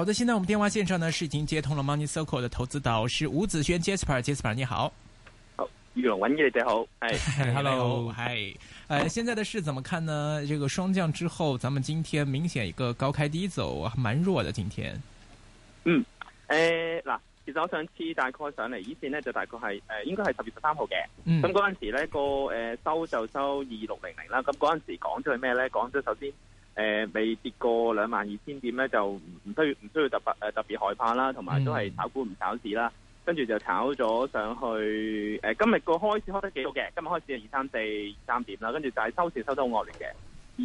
好的，現在我們電話線上呢是已經接通了 Money Circle 的投資導師吳子軒 Jasper Jasper，你好。你好，余龍文兄你好，Hello 嗨，呃，現在的市怎麼看呢？ 這個雙降之後，咱們今天明顯一個高開低走，蠻弱的今天。嗯，誒，嗱，其實我上次大概上嚟呢線呢，就大概係誒、呃，應該係十月十三號嘅。嗯。咁嗰陣時呢，個、呃、收就收二二六零零啦。咁嗰陣時講咗係咩咧？講咗首先。誒未、呃、跌過兩萬二千點咧，就唔需唔需要特別、呃、特別害怕啦，同埋都係炒股唔炒市啦。跟住就炒咗上去。誒、呃、今日個開市開得幾好嘅，今日開市係二三四三點啦。跟住就係收市收得好惡劣嘅，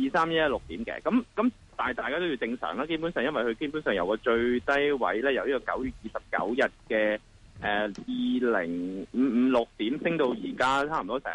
二三一六點嘅。咁咁但係大家都要正常啦。基本上因為佢基本上由個最低位咧，由呢個九月二十九日嘅誒二零五五六點升到而家差唔多成。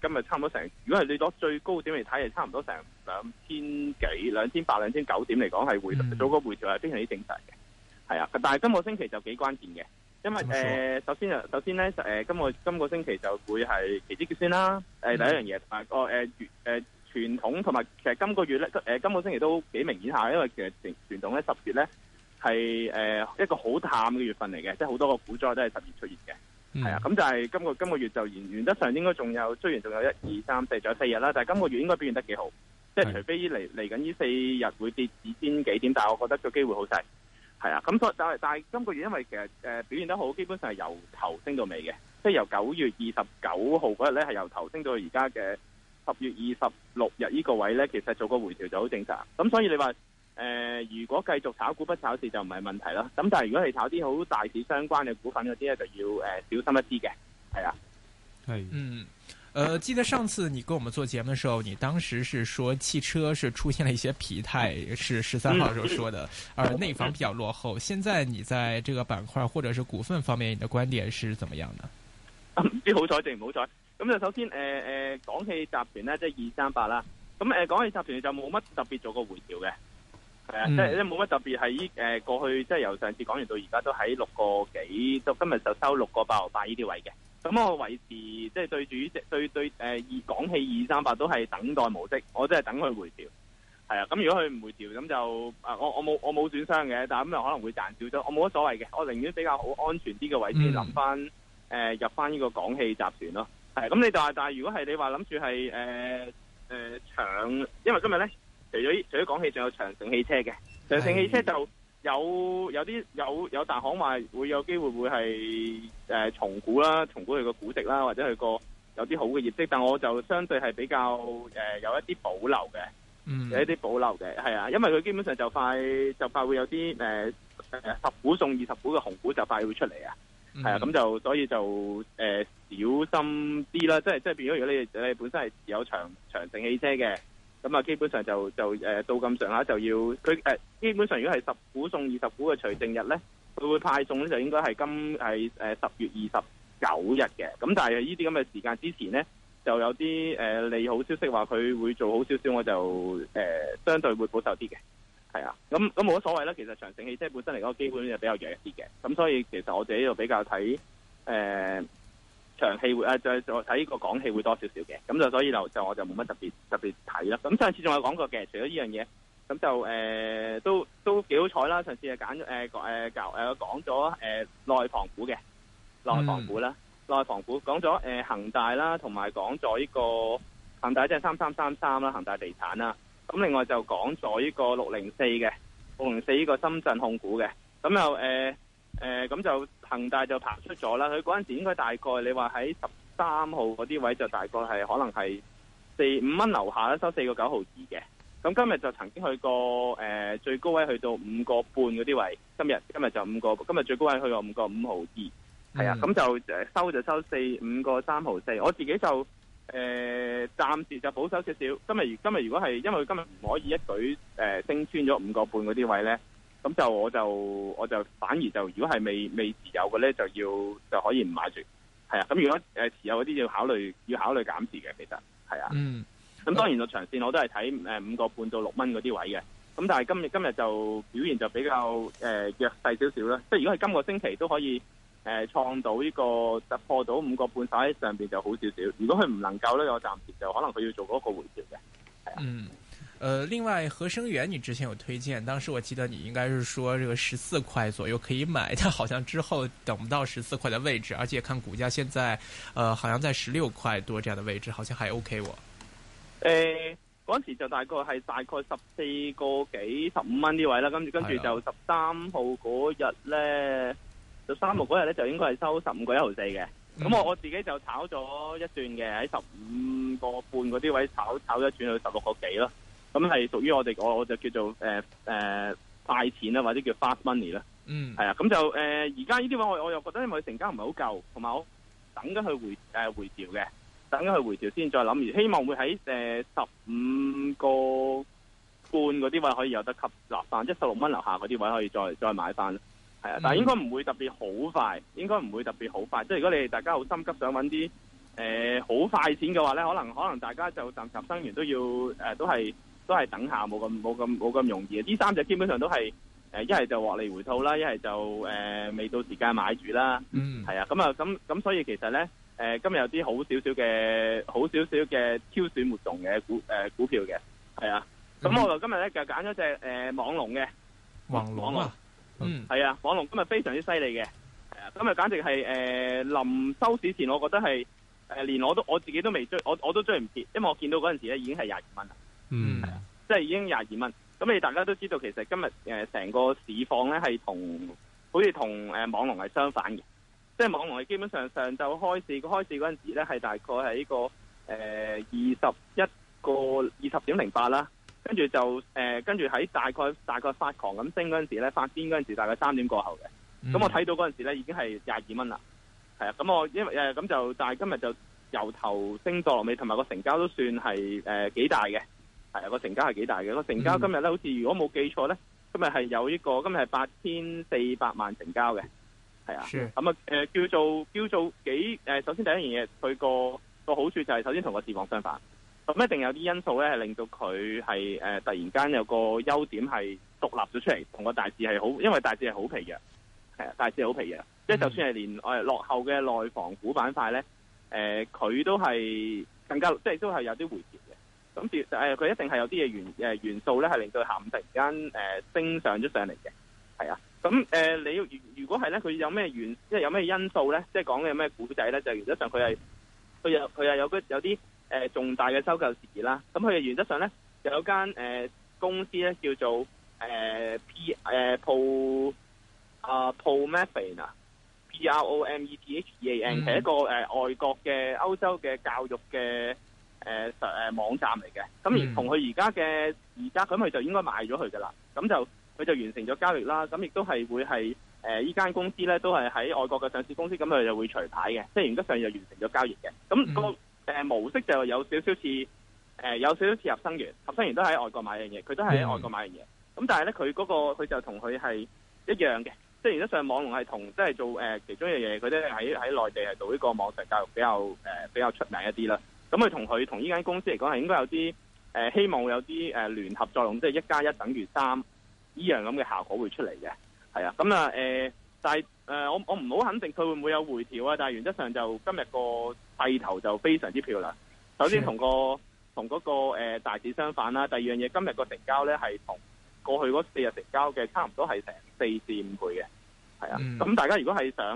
今日差唔多成，如果係你攞最高點嚟睇，係差唔多成兩千幾、兩千八、兩千九點嚟講，係回做個回調係非常之正常嘅，係啊。但係今個星期就幾關鍵嘅，因為誒首先啊，首先咧誒今個今個星期就會係期指結算啦。誒第一樣嘢同埋個誒月誒傳統同埋其實今個月咧誒、呃、今個星期都幾明顯下，因為其實傳傳統咧十月咧係誒一個好淡嘅月份嚟嘅，即係好多個股災都係十月出現嘅。係啊，咁就係今個今個月就原則上應該仲有追完，仲有一二三四，仲有四日啦。但係今個月應該表現得幾好，啊、即係除非嚟嚟緊呢四日會跌二千幾點，但係我覺得個機會好細。係啊，咁所但係但係今個月因為其實誒、呃、表現得好，基本上係由頭升到尾嘅，即係由九月二十九號嗰日咧係由頭升到而家嘅十月二十六日呢個位咧，其實做個回調就好正常。咁所以你話。誒、呃，如果繼續炒股不炒市就唔係問題啦。咁但係如果係炒啲好大市相關嘅股份嗰啲咧，就要誒、呃、小心一啲嘅。係啊，對嗯，誒、呃，記得上次你跟我們做節目嘅時候，你當時是說汽車是出現了一些疲態，嗯、是十三號時候說的，嗯、而內房比較落後。現在你在這個板塊或者是股份方面，你的觀點是怎麼樣呢？啲、嗯、好彩定唔好彩？咁就首先，誒、呃、誒，廣、呃、汽集團咧即係二三八啦。咁、就、誒、是，廣、嗯、汽、呃、集團就冇乜特別做過回調嘅。係、嗯、啊，即係咧冇乜特別，喺依誒過去，即係由上次講完到而家都喺六個幾，到今日就收六個八六八呢啲位嘅。咁我維持，即係對住呢隻對對誒、呃，港氣二三八都係等待模式，我即係等佢回調。係啊，咁如果佢唔回調，咁就誒我我冇我冇損傷嘅，但係咁又可能會賺少咗，我冇乜所謂嘅，我寧願比較好安全啲嘅位置諗翻誒入翻呢個港氣集團咯。係咁、嗯，你但係但係，如果係你話諗住係誒誒搶，因為今日咧。除咗除咗講起，仲有長城汽車嘅，長城汽車就有有啲有有大行話會有機會會係誒、呃、重估啦，重估佢個估值啦，或者佢個有啲好嘅業績，但我就相對係比較誒有一啲保留嘅，有一啲保留嘅係、嗯、啊，因為佢基本上就快就快會有啲誒誒十股送二十股嘅紅股就快會出嚟、嗯、啊，係啊，咁就所以就誒、呃、小心啲啦，即係即係變咗如果你你本身係持有長長城汽車嘅。咁啊，基本上就就誒、呃、到咁上下就要佢誒、呃，基本上如果係十股送二十股嘅除淨日咧，佢會派送咧，就應該係今係誒十月二十九日嘅。咁但係呢啲咁嘅時間之前咧，就有啲誒、呃、利好消息話，佢會做好少少，我就誒、呃、相對會保守啲嘅。係啊，咁咁冇乜所謂啦。其實長城汽車本身嚟講，個基本就比較弱一啲嘅。咁所以其實我自己就比較睇誒。呃長氣會誒就係就睇呢個港氣會多少少嘅，咁就所以就就我就冇乜特別特別睇啦。咁上次仲有講過嘅，除咗呢樣嘢，咁就誒、呃、都都幾好彩啦。上次誒揀誒誒舊誒講咗誒內房股嘅內房股啦，內房股、嗯、講咗誒恒大啦，同埋講咗呢個恒大即係三三三三啦，恒、就是、大地產啦。咁另外就講咗呢個六零四嘅六零四呢個深圳控股嘅，咁又誒。呃誒，咁就恒大就爬出咗啦。佢嗰陣時應該大概，你話喺十三號嗰啲位就大概係可能係四五蚊樓下啦，收四個九毫二嘅。咁今日就曾經去過，誒最高位去到五個半嗰啲位。今日今日就五個，今日最高位去到五個五毫二。係啊，咁就誒收就收四五個三毫四。我自己就誒暫時就保守少少。今日如今日如果係，因為今日唔可以一舉誒升穿咗五個半嗰啲位咧？咁就我就我就反而就，如果係未未持有嘅咧，就要就可以唔買住，係啊。咁如果誒持有嗰啲要考慮要考慮減持嘅，其實係啊。嗯。咁當然個長線我都係睇誒五個半到六蚊嗰啲位嘅。咁但係今日今日就表現就比較誒、呃、弱勢少少啦。即係如果係今個星期都可以誒創、呃、到呢、呢個突破到五個半，喺上邊就好少少。如果佢唔能夠咧，我暫時就可能佢要做嗰個回調嘅。係啊。嗯呃，另外合生元，你之前有推薦，當時我記得你應該是說這個十四塊左右可以買，但好像之後等不到十四塊的位置，而且看股價現在，呃，好像在十六塊多這樣的位置，好像還 OK 我。呃，嗰時就大概係大概十四個幾十五蚊呢位啦，跟住跟住就十三號嗰日咧，十三號嗰日咧就應該係收十五個一毫四嘅，咁我、嗯、我自己就炒咗一段嘅，喺十五個半嗰啲位炒炒咗轉去十六個幾咯。咁係、嗯、屬於我哋，我我就叫做誒誒快錢啦，或者叫 fast money 啦。嗯，係啊，咁就誒而家呢啲位我，我我又覺得因為成交唔係好夠，同埋好等緊佢回、呃、回調嘅，等緊佢回調先再諗。而希望會喺誒十五個半嗰啲位可以有得吸落翻，即十六蚊樓下嗰啲位可以再再買翻。係啊，嗯、但係應該唔會特別好快，應該唔會特別好快。即係如果你哋大家好心急想，想搵啲誒好快錢嘅話咧，可能可能大家就暫時生完都要誒、呃、都係。都係等下冇咁冇咁冇咁容易啊！呢三隻基本上都係誒一係就獲利回吐啦，一係就誒、呃、未到時間買住啦。嗯，係啊，咁啊，咁咁，所以其實咧誒、呃、今日有啲好少少嘅好少少嘅挑選活動嘅股誒、呃、股票嘅係啊。咁我就今日咧就揀咗隻誒網龍嘅網，網龍啊。嗯，係啊，網龍今日非常之犀利嘅。今日簡直係誒、呃、臨收市前，我覺得係誒、呃、連我都我自己都未追，我我都追唔切，因為我見到嗰陣時咧已經係廿二蚊啦。嗯，係啊，即係已經廿二蚊。咁你大家都知道，其實今日誒成個市況咧係同，好似同誒網龍係相反嘅。即係網龍係基本上上晝開市，個開市嗰陣時咧係大概係呢個誒二十一個二十點零八啦。跟住就誒跟住喺大概大概發狂咁升嗰陣時咧，發癲嗰陣時大概三點過後嘅。咁、嗯、我睇到嗰陣時咧已經係廿二蚊啦。係啊，咁我因為誒咁、呃、就但係今日就由頭升到落尾，同埋個成交都算係誒幾大嘅。誒個成交係幾大嘅。個成交今日咧，好似如果冇記錯咧，今日係有呢個，今日係八千四百萬成交嘅，係啊。咁啊誒叫做叫做幾誒、呃？首先第一樣嘢，佢個個好處就係首先同個市況相反，咁一定有啲因素咧係令到佢係誒突然間有個優點係獨立咗出嚟，同個大市係好，因為大市係好疲嘅，係啊，大市係好疲嘅、mm hmm. 呃呃，即係就算係連誒落後嘅內房股板塊咧，誒佢都係更加即係都係有啲回調。咁，但佢一定係有啲嘢、呃、元素咧，係令到下午突然間升上咗上嚟嘅，係啊。咁、嗯、你、呃、如果係咧，佢有咩原即係有咩因素咧，即係講嘅有咩股仔咧，就原則上佢係佢有佢又有有啲、呃、重大嘅收購事宜啦。咁、嗯、佢原則上咧有間誒、呃、公司咧叫做誒、呃、P 誒、呃呃、Pro 啊 Promethean P R O M E T H E A N，係一個、呃、外國嘅歐洲嘅教育嘅。誒，誒，網站嚟嘅，咁而同佢而家嘅而家，咁佢、嗯、就應該賣咗佢噶啦咁就佢就完成咗交易啦，咁亦都係會係誒呢間公司咧，都係喺外國嘅上市公司，咁佢就會除牌嘅，即係原則上就完成咗交易嘅，咁、那個誒、嗯、呃、模式就有少少似誒、呃、有少少似合生元，合生元都喺外國買樣嘢，佢都係喺外國買樣嘢，咁、嗯、但係咧佢嗰個佢就同佢係一樣嘅，即係原則上網龍係同即係做誒、呃、其中一樣嘢，佢都喺喺內地係做呢個網上教育比較誒、呃、比較出名一啲啦。咁佢同佢同呢間公司嚟講，係應該有啲、呃、希望有啲誒、呃、聯合作用，即係一加一等於三呢樣咁嘅效果會出嚟嘅，係啊。咁啊、呃、但係、呃、我我唔好肯定佢會唔會有回調啊。但係原則上就今日個勢頭就非常之漂亮。首先同個同嗰的、嗰個、呃、大市相反啦。第二樣嘢，今日個成交咧係同過去嗰四日成交嘅差唔多係成四至五倍嘅，係啊。咁、嗯、大家如果係想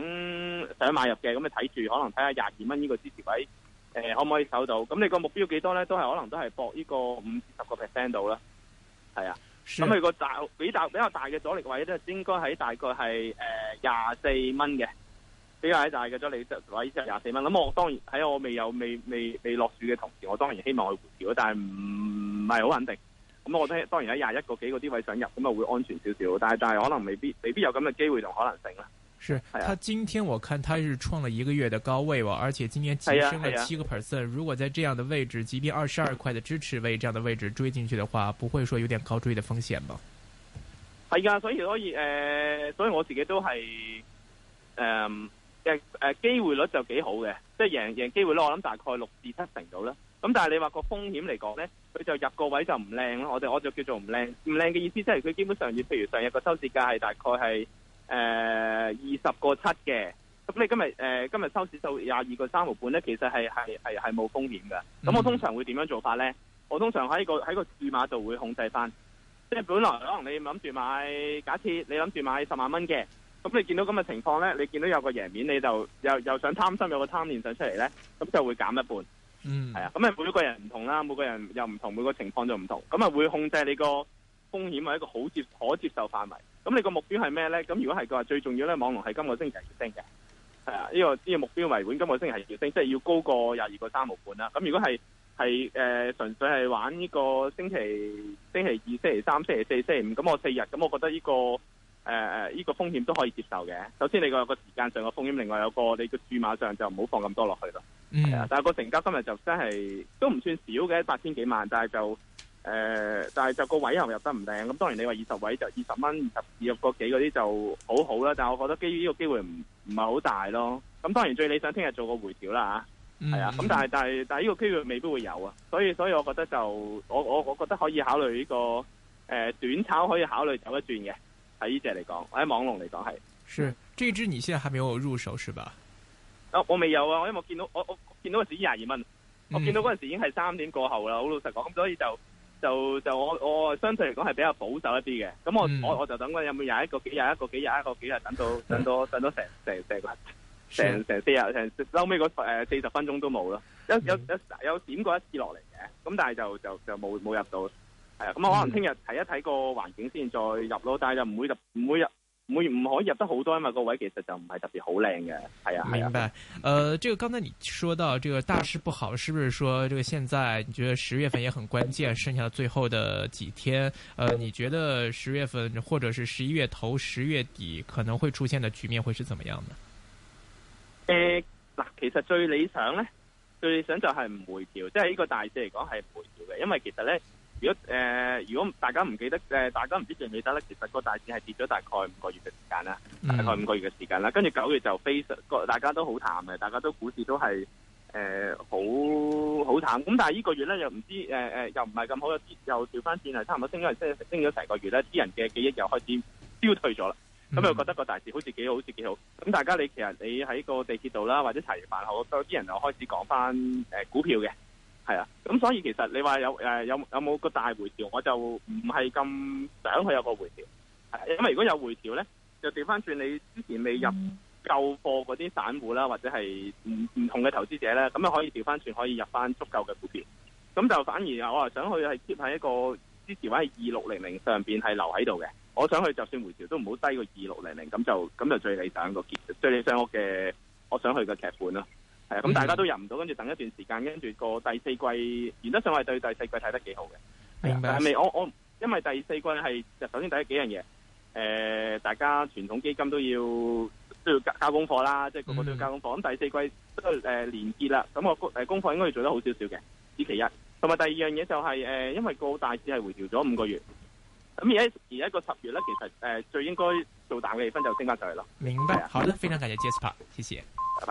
想買入嘅，咁你睇住可能睇下廿二蚊呢個支持位。誒，可唔可以守到？咁你個目標幾多咧？都係可能都係博呢個五至十個 percent 度啦。係啊，咁佢個大幾比較大嘅阻力位咧，應該喺大概係誒廿四蚊嘅，比較喺大嘅阻力位即係廿四蚊。咁我當然喺我未有未未未落注嘅同時，我當然希望佢回調，但係唔係好肯定。咁我都當然喺廿一個幾嗰啲位想入，咁啊會安全少少，但係但係可能未必未必有咁嘅機會同可能性啦。是，他今天我看他是創了一個月的高位吧，而且今年提升了七個 percent。如果在這樣的位置，即便二十二塊的支持位這樣的位置追進去的話，不會說有點高追的風險吧？係噶，所以所以、呃、所以我自己都係誒、呃呃、機會率就幾好嘅，即、就、係、是、贏贏機會率。我諗大概六至七成到啦。咁但係你話個風險嚟講呢，佢就入個位就唔靚，我哋我就叫做唔靚，唔靚嘅意思即係佢基本上要，譬如上日個收市價係大概係。誒，二十個七嘅，咁你今日誒、呃、今日收市數廿二個三毫半咧，其實係係係係冇風險嘅。咁我通常會點樣做法咧？我通常喺個喺個注碼度會控制翻，即係本來可能你諗住買假設，假設你諗住買十萬蚊嘅，咁你見到咁嘅情況咧，你見到有個贏面，你就又又想貪心，有個貪念想出嚟咧，咁就會減一半。嗯是，係啊，咁啊每個人唔同啦，每個人又唔同，每個情況就唔同，咁啊會控制你個風險喺一個好接可接受範圍。咁你個目標係咩咧？咁如果係佢話，最重要咧，網龍係今個星期係升嘅，啊，呢、這個呢、這個目標為本，今個星期係升，即係要高過廿二個三毫半啦。咁、啊、如果係係誒純粹係玩呢個星期星期二、星期三、星期四、星期五，咁我四日，咁我覺得呢、這個誒呢、呃這個風險都可以接受嘅。首先你個個時間上嘅風險，另外有個你個注碼上就唔好放咁多落去咯。嗯、mm hmm. 啊。但係個成交今日就真係都唔算少嘅，八千幾萬，但係就。誒、呃，但係就個位又入得唔靚，咁當然你話二十位就二十蚊、二十六個幾嗰啲就很好好啦。但係我覺得基於呢個機會唔唔係好大咯。咁當然最理想聽日做個回調啦吓，係、嗯、啊。咁但係但係但係呢個機會未必會有啊。所以所以我覺得就我我我覺得可以考慮呢、這個誒、呃、短炒可以考慮走一轉嘅，喺呢隻嚟講，喺網龍嚟講係。是，這支你現在還沒有入手是吧？嗯啊、我未有啊，因為我見到我我見到個市二廿二蚊，我見到嗰陣時已經係三點過後啦。好老實講，咁所以就。嗯就就我我相對嚟講係比較保守一啲嘅，咁我、嗯、我我就等緊有冇廿一個幾日，一個幾日，一個幾日等到等到等到成成成個成成四日，成收尾嗰四十分鐘都冇咯，有有有有閃過一次落嚟嘅，咁但係就就就冇冇入到，係啊，咁我可能聽日睇一睇個環境先再入咯，但係就唔會入唔會入。唔會唔可以入得好多，因為個位其實就唔係特別好靚嘅。係啊，係啊。明白。誒、呃，這個剛才你說到這個大市不好，是不是說這個現在你覺得十月份也很關鍵，剩下的最後的幾天，呃？你覺得十月份或者是十一月頭、十月底可能會出現的局面會是怎麼樣呢？誒，嗱，其實最理想呢，最理想就係唔回調，即係呢個大市嚟講係回調嘅，因為其實呢。如果誒、呃，如果大家唔記得誒、呃，大家唔知記唔記得咧，其實個大市係跌咗大概五個月嘅時間啦，大概五個月嘅時間啦，跟住九月就非常個，大家都好淡嘅，大家都股市都係誒、呃、好好淡。咁但係呢個月咧又唔知誒誒，又唔係咁好，有啲又調翻轉，係差唔多升咗即升咗成個月咧，啲人嘅記憶又開始消退咗啦。咁又、mm hmm. 覺得個大市好似幾好，好似幾好。咁大家你其實你喺個地鐵度啦，或者茶餘飯後，有啲人又開始講翻誒、呃、股票嘅。係啊，咁所以其實你話有誒有有冇個大回調，我就唔係咁想去有個回調係啊，因為如果有回調咧，就調翻轉你之前未入舊貨嗰啲散戶啦，或者係唔唔同嘅投資者咧，咁啊可以調翻轉可以入翻足夠嘅股票，咁就反而我啊想去係 keep 喺一個之前話係二六零零上邊係留喺度嘅，我想去就算回調都唔好低過二六零零，咁就咁就最理想一個結最理想屋嘅，我想去嘅劇本啦。咁、嗯嗯、大家都入唔到，跟住等一段時間，跟住個第四季，原則上我係對第四季睇得幾好嘅。明白。係咪，我我因為第四季係就首先第一幾樣嘢，誒、呃，大家傳統基金都要都要交交功課啦，即係個個都要交功課。咁、就是嗯嗯、第四季誒、呃、連結啦，咁我誒功課應該要做得好少少嘅，此其一。同埋第二樣嘢就係、是、誒、呃，因為個大市係回調咗五個月，咁而家而家一個十月咧，其實誒、呃、最應該做大嘅地方就升翻上嚟咯。明白啊！好啦，非常感謝 Jasper，謝謝。